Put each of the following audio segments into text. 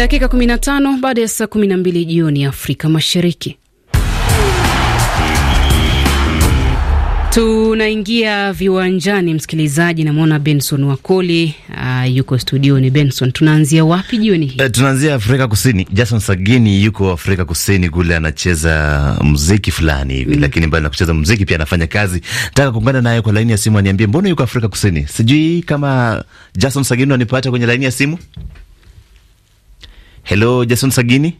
dakika 15 baada ya saa 12 jioni Afrika Mashariki. Tunaingia viwanjani, msikilizaji. Namwona Benson Wakoli uh, yuko studioni. Benson, tunaanzia wapi jioni hii? Uh, tunaanzia Afrika Kusini. Jason Sagini yuko Afrika Kusini kule, anacheza mziki fulani hivi mm. Lakini mbali na kucheza mziki pia anafanya kazi. Nataka kuungana naye kwa laini ya simu, aniambie mbona yuko Afrika Kusini. Sijui kama Jason Sagini anipata kwenye laini ya simu. Hello, Jason Sagini.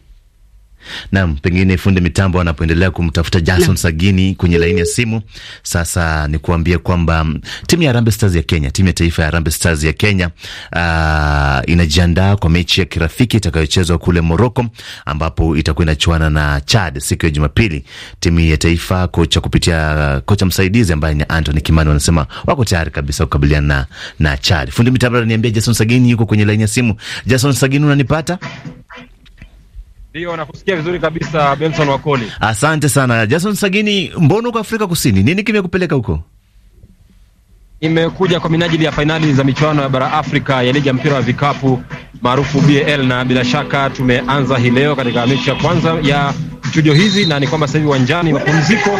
Naam, pengine fundi mitambo anapoendelea kumtafuta Jason na Sagini kwenye laini ya simu. Sasa ni kuambia kwamba mm, timu ya Harambee Stars ya Kenya, timu ya taifa ya Harambee Stars ya Kenya uh, inajiandaa kwa mechi ya kirafiki itakayochezwa kule Morocco, ambapo itakuwa inachuana na Chad siku ya Jumapili. Timu ya taifa kocha kupitia kocha msaidizi ambaye ni Anthony Kimani wanasema wako tayari kabisa kukabiliana na, na Chad. Fundi mitambo ananiambia Jason Sagini yuko kwenye laini ya simu. Jason Sagini, unanipata? Ndio, nakusikia vizuri kabisa Benson Wakoli. Asante sana Jason Sagini. Mbona uko Afrika Kusini? Nini kimekupeleka huko? Imekuja kwa minajili ya fainali za michuano ya bara Afrika ya ligi ya mpira wa vikapu maarufu BAL, na bila shaka tumeanza hii leo katika mechi ya kwanza ya studio hizi, na ni kwamba sasa hivi uwanjani mapumziko,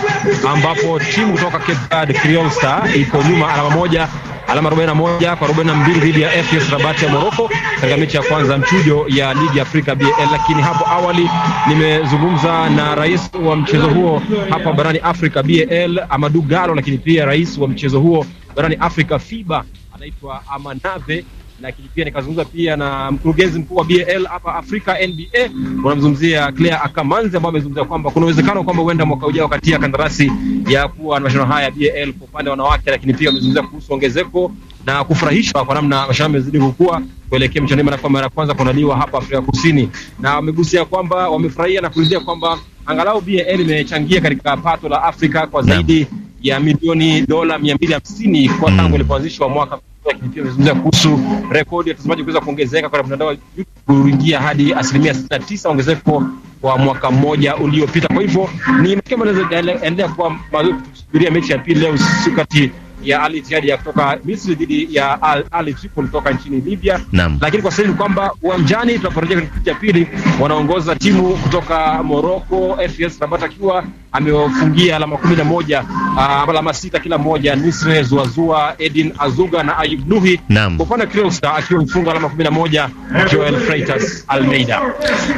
ambapo timu kutoka Cape Verde Creole Star iko nyuma alama moja alama 41 kwa 42 dhidi ya FS Rabat ya Morocco katika mechi ya kwanza mchujo ya ligi ya Afrika BL. Lakini hapo awali nimezungumza na rais wa mchezo huo hapa barani Afrika BL, Amadou Gallo, lakini pia rais wa mchezo huo barani Afrika FIBA anaitwa Amanave lakini pia nikazungumza pia na mkurugenzi mkuu wa BAL hapa Afrika NBA, unamzungumzia Claire Akamanzi ambaye amezungumzia kwamba kuna uwezekano kwamba huenda mwaka ujao kati ya kandarasi ya kuwa na mashindano haya ya BAL kwa upande wa wanawake, lakini pia amezungumzia kuhusu ongezeko na kufurahishwa kwa namna mashindano yamezidi kukua kuelekea mchezo kwa mara ya kwanza kuandaliwa hapa Afrika Kusini, na wamegusia kwamba wamefurahia na kuridhia kwamba angalau BAL imechangia katika pato la Afrika kwa zaidi yeah, ya milioni dola 250 kwa mm. tangu ilipoanzishwa mwaka akizungumzia kuhusu rekodi ya watazamaji kuweza kuongezeka kwa mtandao wa YouTube kuingia hadi asilimia sitini ongezeko kwa mwaka mmoja uliopita. Kwa hivyo ni matokeo ambayo yanaendelea kuwa mazuri, kusubiria mechi ya pili leo usiku kati ya Ali Ittihad ya kutoka Misri dhidi ya Al Ahly Tripoli kutoka nchini Libya. Naam. Lakini kwa sasa ni kwamba uwanjani tunaporejea kwenye kipindi cha pili wanaongoza timu kutoka Morocco FS Rabat akiwa amewafungia alama 11 uh, ah, alama sita kila moja Nisre Zuazua, Edin Azuga na Ayub Nuhi. Kwa upande wa Crew akiwa mfunga alama 11 Joel Freitas Almeida.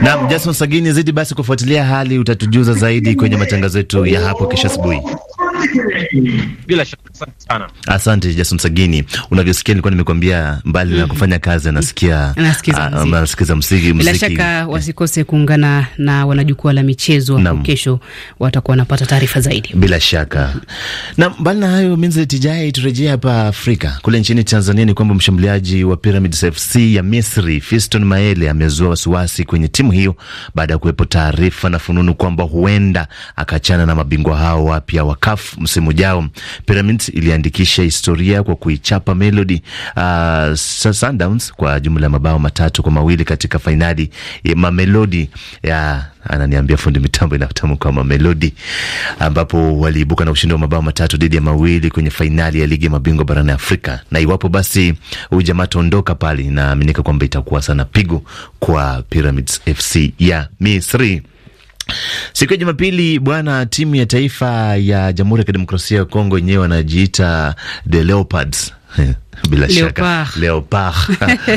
Naam, Jason Sagini zidi basi kufuatilia hali utatujuza zaidi kwenye matangazo yetu ya hapo kesho asubuhi. Bila shaka, asante sana. Asante Jason Sagini, unavyosikia nilikuwa nimekwambia mbali mm -hmm. na kufanya kazi anasikia anasikiza ah, muziki. Bila shaka wasikose kuungana na wanajukwaa la michezo hapo kesho, watakuwa wanapata taarifa zaidi. Bila shaka na mbali na hayo tijai, turejee hapa Afrika. Kule nchini Tanzania ni kwamba mshambuliaji wa Pyramids FC ya Misri Fiston Maele amezua wasiwasi kwenye timu hiyo baada ya kuwepo taarifa na fununu kwamba huenda akachana na mabingwa hao wapya wa CAF msimu ujao. Pyramids iliandikisha historia kwa kuichapa Melody uh, Sundowns kwa jumla ya mabao matatu kwa mawili katika fainali ya Mamelodi ya ananiambia fundi mitambo inatamka Mamelodi, ambapo waliibuka na ushindi wa mabao matatu dhidi ya mawili kwenye fainali ya ligi ya mabingwa barani Afrika. Na iwapo basi huyu jamaa ataondoka pale, inaaminika kwamba itakuwa sana pigo kwa Pyramids FC ya Misri. Siku ya Jumapili bwana, timu ya taifa ya Jamhuri ya Kidemokrasia ya Kongo yenyewe wanajiita the Leopards bila Leopard. shaka Leopard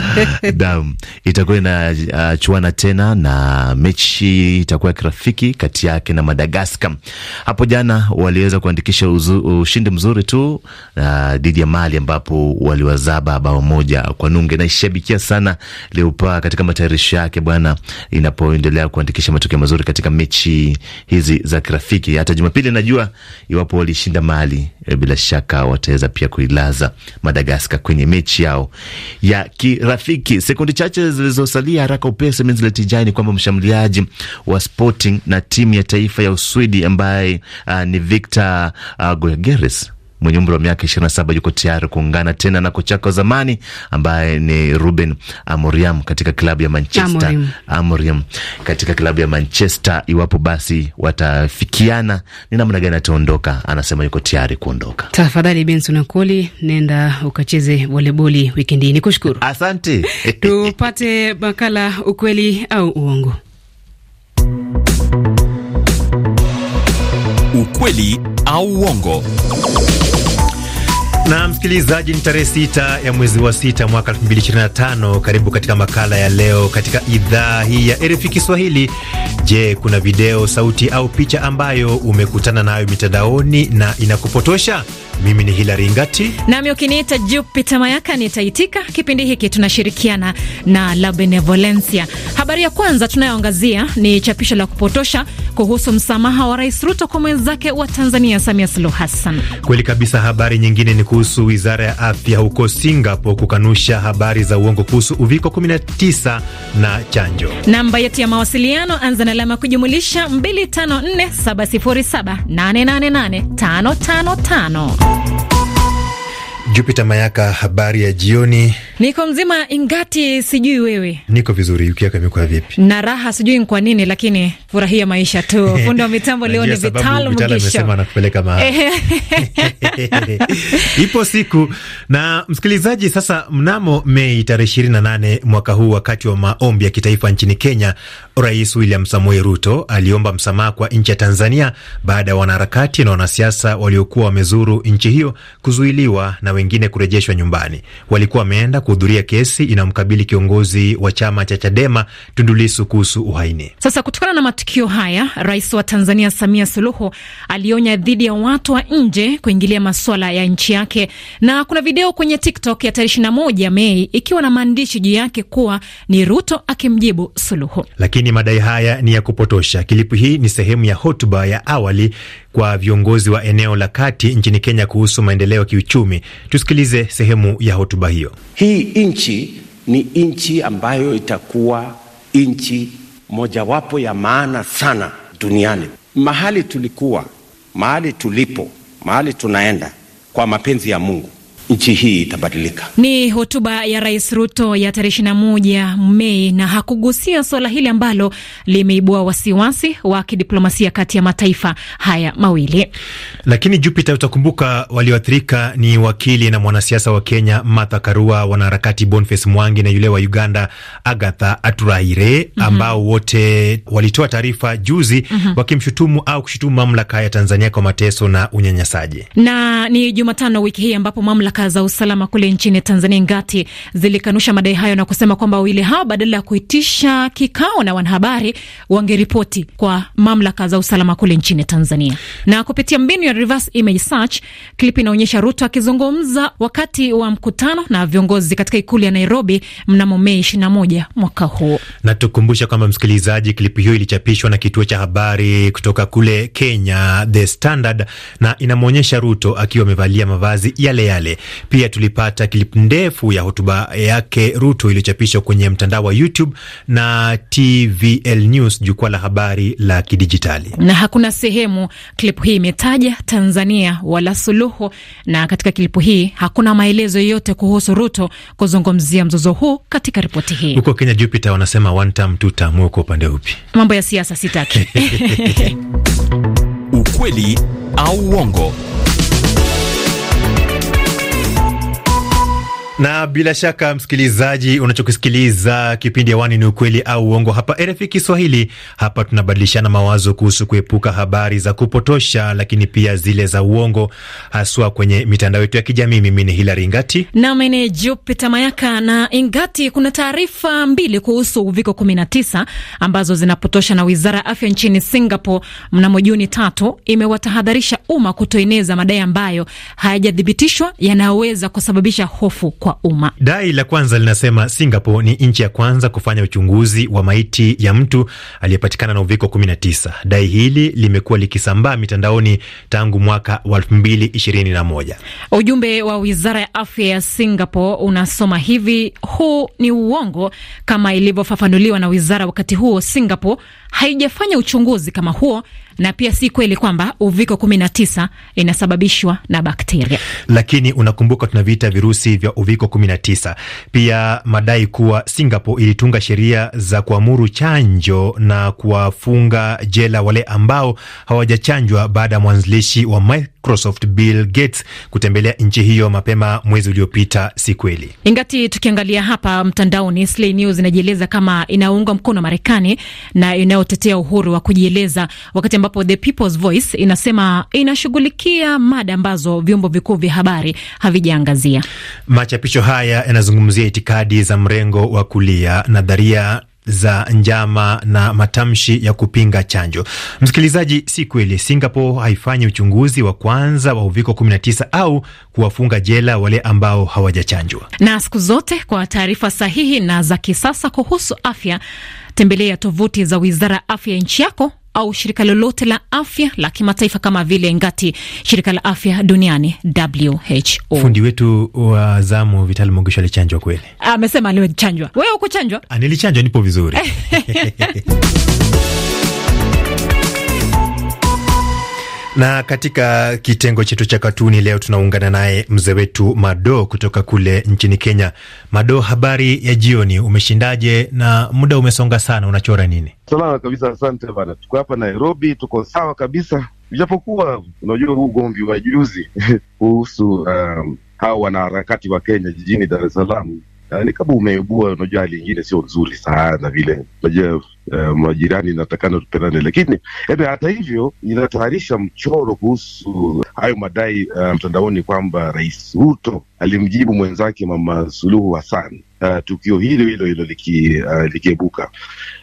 dam itakuwa inachuana uh, tena na mechi itakuwa ya kirafiki kati yake na Madagascar. Hapo jana waliweza kuandikisha ushindi mzuri tu uh, dhidi ya Mali ambapo waliwazaba bao moja kwa nunge. Naishabikia sana Leopard katika matayarisho yake bwana, inapoendelea kuandikisha matokeo mazuri katika mechi hizi za kirafiki. Hata Jumapili najua iwapo walishinda Mali, eh, bila shaka wataweza pia kuilaza Madagascar. Alaska kwenye mechi yao ya kirafiki. Sekundi chache zilizosalia haraka upeo, Semenzi Letijani, kwamba mshambuliaji wa Sporting na timu ya taifa ya Uswidi ambaye uh, ni Victor uh, Goyageres mwenye umri wa miaka 27 yuko tayari kuungana tena na kocha wake wa zamani ambaye ni Ruben amoriam katika klabu ya Manchester Amoriam katika klabu ya Manchester, iwapo basi watafikiana ni namna gani ataondoka. Anasema yuko tayari kuondoka. Tafadhali Benson Akoli, nenda ukacheze voleboli wikendi. Ni kushukuru, asante. Tupate makala ukweli au uongo. Ukweli au uongo na msikilizaji, ni tarehe sita ya mwezi wa sita mwaka 2025. Karibu katika makala ya leo katika idhaa hii ya RFI Kiswahili. Je, kuna video, sauti au picha ambayo umekutana nayo mitandaoni na inakupotosha? Mimi ni Hilari Ngati nami ukiniita Jupita Mayaka nitaitika. Kipindi hiki tunashirikiana na La Benevolencia. Habari ya kwanza tunayoangazia ni chapisho la kupotosha kuhusu msamaha wa Rais Ruto kwa mwenzake wa Tanzania Samia Suluhu Hassan. Kweli kabisa. Habari nyingine ni kuhusu wizara ya afya huko Singapore kukanusha habari za uongo kuhusu uviko 19 na chanjo. Namba yetu ya mawasiliano anza na alama kujumulisha 254707888555 Thank Jupita Mayaka, habari ya jioni. Niko mzima ingati, sijui wewe. Niko vizuri, wiki yako imekuwa vipi? Na raha, sijui ni kwa nini, lakini furahia maisha tu. Fundi wa mitambo leo ni Vital Mugisho, anakupeleka mahali ipo siku. Na msikilizaji, sasa mnamo Mei tarehe ishirini na nane mwaka huu, wakati wa maombi ya kitaifa nchini Kenya, Rais William Samoei Ruto aliomba msamaha kwa nchi ya Tanzania baada ya wanaharakati na wanasiasa waliokuwa wamezuru nchi hiyo kuzuiliwa na wengine kurejeshwa nyumbani. Walikuwa wameenda kuhudhuria kesi inayomkabili kiongozi wa chama cha Chadema tundulisu kuhusu uhaini. Sasa kutokana na matukio haya, rais wa Tanzania Samia Suluhu alionya dhidi ya watu wa nje kuingilia masuala ya nchi yake, na kuna video kwenye TikTok ya tarehe 21 Mei ikiwa na maandishi juu yake kuwa ni Ruto akimjibu Suluhu, lakini madai haya ni ya kupotosha. Kilipu hii ni sehemu ya hotuba ya awali kwa viongozi wa eneo la kati nchini Kenya kuhusu maendeleo ya kiuchumi. Tusikilize sehemu ya hotuba hiyo. Hii nchi ni nchi ambayo itakuwa nchi mojawapo ya maana sana duniani. Mahali tulikuwa, mahali tulipo, mahali tunaenda, kwa mapenzi ya Mungu nchi hii itabadilika. Ni hotuba ya Rais Ruto ya tarehe moja Mei, na hakugusia suala hili ambalo limeibua wasiwasi wa kidiplomasia kati ya mataifa haya mawili. Lakini Jupiter, utakumbuka walioathirika ni wakili na mwanasiasa wa Kenya Martha Karua, wanaharakati Boniface Mwangi na yule wa Uganda Agatha Aturaire, mhm. ambao mm -hmm. wote walitoa taarifa juzi mm -hmm. wakimshutumu au kushutumu mamlaka ya Tanzania kwa mateso na unyanyasaji, na ni Jumatano wiki hii ambapo mamlaka mamlaka za usalama kule nchini Tanzania ngati zilikanusha madai hayo na kusema kwamba wawili hao badala ya kuitisha kikao na wanahabari wangeripoti kwa mamlaka za usalama kule nchini Tanzania. Na kupitia mbinu ya reverse image search, klipi inaonyesha Ruto akizungumza wakati wa mkutano na viongozi katika ikulu ya Nairobi mnamo Mei 21 mwaka huo. Na tukumbusha kwamba msikilizaji, klipu hiyo ilichapishwa na kituo cha habari kutoka kule Kenya The Standard, na inamwonyesha Ruto akiwa amevalia mavazi yale yale. Pia tulipata klipu ndefu ya hotuba yake Ruto iliyochapishwa kwenye mtandao wa YouTube na TVL News, jukwaa la habari la kidijitali. Na hakuna sehemu klipu hii imetaja Tanzania wala Suluhu, na katika klipu hii hakuna maelezo yoyote kuhusu Ruto kuzungumzia mzozo huu katika ripoti hii. Huko Kenya Jupiter wanasema one term, two term, upande upi? Mambo ya siasa sitaki. Ukweli au uongo na bila shaka msikilizaji, unachokisikiliza kipindi hewani ni ukweli au uongo, hapa RFI Kiswahili. Hapa tunabadilishana mawazo kuhusu kuepuka habari za kupotosha, lakini pia zile za uongo, haswa kwenye mitandao yetu ya kijamii. Mimi ni Hilari Ngati nami ni Jupita Mayaka na Ingati. Kuna taarifa mbili kuhusu uviko 19 ambazo zinapotosha, na wizara ya afya nchini Singapore mnamo Juni tatu imewatahadharisha umma kutoeneza madai ambayo hayajathibitishwa yanayoweza kusababisha hofu kwa umma. Dai la kwanza linasema Singapore ni nchi ya kwanza kufanya uchunguzi wa maiti ya mtu aliyepatikana na uviko 19. Dai hili limekuwa likisambaa mitandaoni tangu mwaka wa 2021. Ujumbe wa wizara ya afya ya Singapore unasoma hivi: huu ni uongo kama ilivyofafanuliwa na wizara wakati huo Singapore haijafanya uchunguzi kama huo na pia si kweli kwamba uviko 19 inasababishwa na bakteria, lakini unakumbuka tunaviita virusi vya uviko 19. Pia madai kuwa Singapore ilitunga sheria za kuamuru chanjo na kuwafunga jela wale ambao hawajachanjwa baada ya mwanzilishi wa Microsoft Bill Gates kutembelea nchi hiyo mapema mwezi uliopita. Si kweli. Ingati tukiangalia hapa mtandaoni, Sky News inajieleza kama inaunga mkono Marekani na inayotetea uhuru wa kujieleza, wakati ambapo The People's Voice inasema inashughulikia mada ambazo vyombo vikuu vya habari havijaangazia. Machapisho haya yanazungumzia itikadi za mrengo wa kulia, nadharia za njama na matamshi ya kupinga chanjo. Msikilizaji, si kweli Singapore haifanyi uchunguzi wa kwanza wa uviko 19 au kuwafunga jela wale ambao hawajachanjwa. Na siku zote kwa taarifa sahihi na za kisasa kuhusu afya, tembelea tovuti za Wizara ya Afya nchi yako au shirika lolote la afya la kimataifa kama vile ngati shirika la afya duniani WHO. Fundi wetu wa zamu Vitali Mugisho alichanjwa kweli? Amesema alichanjwa. Wewe chanjwa? Ah, nilichanjwa, nipo vizuri Na katika kitengo chetu cha katuni leo tunaungana naye mzee wetu Mado kutoka kule nchini Kenya. Mado, habari ya jioni, umeshindaje? Na muda umesonga sana, unachora nini? Salama kabisa, asante bana. Tuko hapa Nairobi, tuko sawa kabisa, ijapokuwa unajua huu ugomvi wa juzi kuhusu um, hawa wanaharakati wa Kenya jijini Dar es Salaam Uh, ni kama umeibua, unajua hali ingine sio nzuri sana vile, unajua uh, eh, majirani inatakana tupendane, lakini ebe, hata hivyo inatayarisha mchoro kuhusu hayo madai uh, mtandaoni kwamba Rais Ruto alimjibu mwenzake Mama Suluhu Hassan uh, tukio hilo hilo hilo likiebuka eh, uh,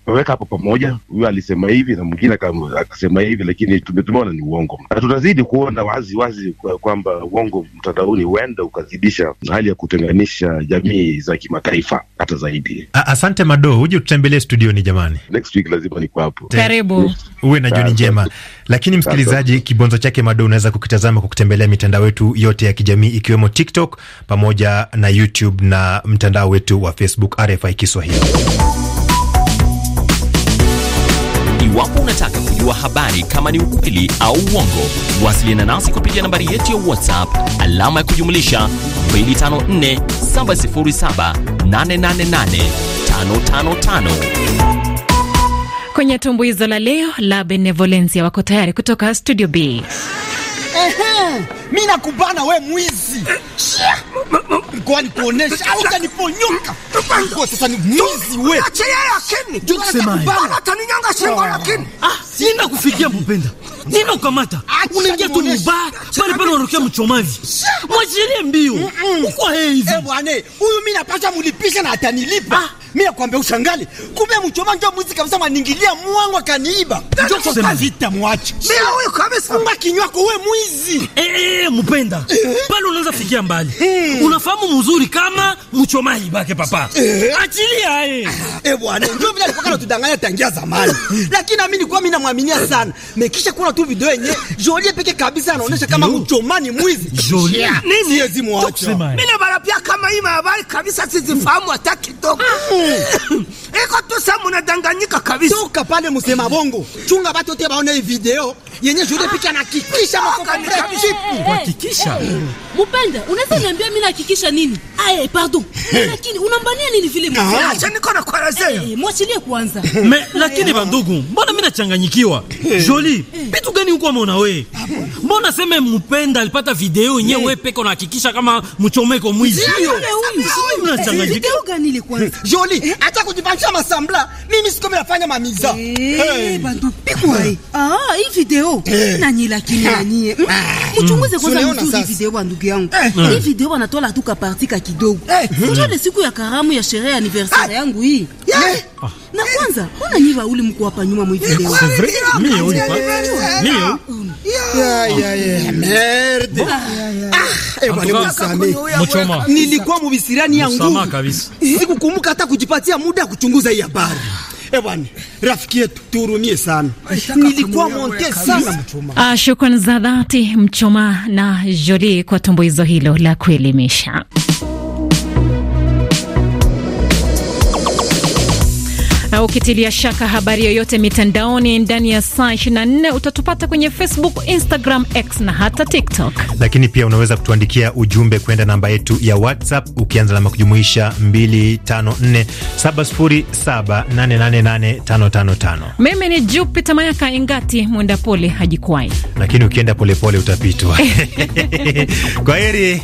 wameweka hapo pamoja, huyo alisema hivi na mwingine akasema hivi, lakini tumeona ni uongo, na tutazidi kuona wazi wazi kwamba kwa uongo mtandaoni huenda ukazidisha hali ya kutenganisha jamii za kimataifa hata zaidi. Asante Mado, huje tutembelee studioni jamani, next week lazima niko hapo. Karibu, uwe na jioni njema. Lakini msikilizaji, kibonzo chake mado unaweza kukitazama kwa kutembelea mitandao yetu yote ya kijamii ikiwemo TikTok pamoja na YouTube na mtandao wetu wa Facebook RFI Kiswahili. Iwapo unataka kujua habari kama ni ukweli au uongo, wasiliana nasi kupitia nambari yetu ya WhatsApp alama ya kujumlisha 254 707 888 555. Kwenye tumbuizo la leo la Benevolencia wako tayari kutoka Studio B. Mi nakubana we mwizi. Ngoja nikuonesha au utaniponyoka. Ngoja sasa ni mwizi we. Acha yeye lakini. Ndio nakubana ataninyanga shingo ah. lakini. Ah, sina kufikia mpenda. Nina ukamata. Unaingia tu ni ba, pale bali unarukia mchomavi. Mwachilie mbio. Uko hivi. Eh bwana, eh, huyu mimi napaswa mulipisha na atanilipa. Ah. Mimi nakwambia ushangali. kume mchoma njoo mwizi kabisa maningilia mwangu akaniiba. Njoo kwa kavita muache. Mimi huyo kabisa. Funga kinywa kwa wewe mwizi. Eh eh, eh mpenda. Eh. Pale unaanza fikia mbali. Hmm. Unafahamu mzuri kama mchoma bake papa. Eh. Achilia eh. Eh bwana, njoo bila kwa tudanganya tangia zamani. Lakini na mimi nilikuwa mimi namwaminia sana. Mekisha kuna tu video yenyewe Jolie peke kabisa anaonesha kama mchoma ni mwizi. Jolie. Nini? Siwezi muacha. Mimi na kama hii mahabari kabisa sizifahamu hata kidogo. Eko tu sasa mnadanganyika kabisa. Toka pale musema bongo. Chunga bato te baone hii video yenye jude ah. picha na kikisha makokani chip. Kwa eh, eh. kikisha. Mupende, unaweza niambia mimi na kikisha nini? Aye, ah, eh, pardon. Lakini unambania nini vile mzee? Acha niko na kuelezea. Mwachilie kwanza. Me, lakini bandugu, mbona mimi nachanganyikiwa? Jolie, vitu gani huko ameona wewe? Mbona sema Mpenda alipata video yenye wewe peko na kikisha kama mchomeko mwizi. Ndio. Mnachanganyikiwa. Video gani ile kwanza? Jolie, acha kujibana Kucha masambla, mimi siko nafanya mamiza. Eh, hey. hii. Ah, hii video. Eh. Nani lakini nani? Mchunguze ah. hmm. kwanza mtu hii video wa ndugu yangu. Eh. Hii eh. video wanatoa tu ka parti ka kidogo. Unajua ni hmm. siku ya karamu ya sherehe ya anniversaire ah. yangu hii. Ah. Na kwanza, ona nyi wauli mko hapa nyuma mwa video. Mimi huyu. Mimi. Ya ya ya. Merde. Eh, nilikuwa mubisirani ya nguvu sikukumbuka hata kujipatia muda ya kuchunguza hii habari. Ebwana, eh, rafiki yetu tuhurumie sana, nilikuwa monte sana. Ah, shukrani za dhati Mchoma na Joli kwa tumbo hizo hilo la kuelimisha. au ukitilia shaka habari yoyote mitandaoni, ndani ya saa 24 utatupata kwenye Facebook, Instagram, X na hata TikTok. Lakini pia unaweza kutuandikia ujumbe kwenda namba yetu ya WhatsApp ukianza na kujumuisha 254707888555. Mimi ni Jupita Mayaka Ingati, mwenda pole hajikwai, lakini ukienda polepole utapitwa. Kwa heri.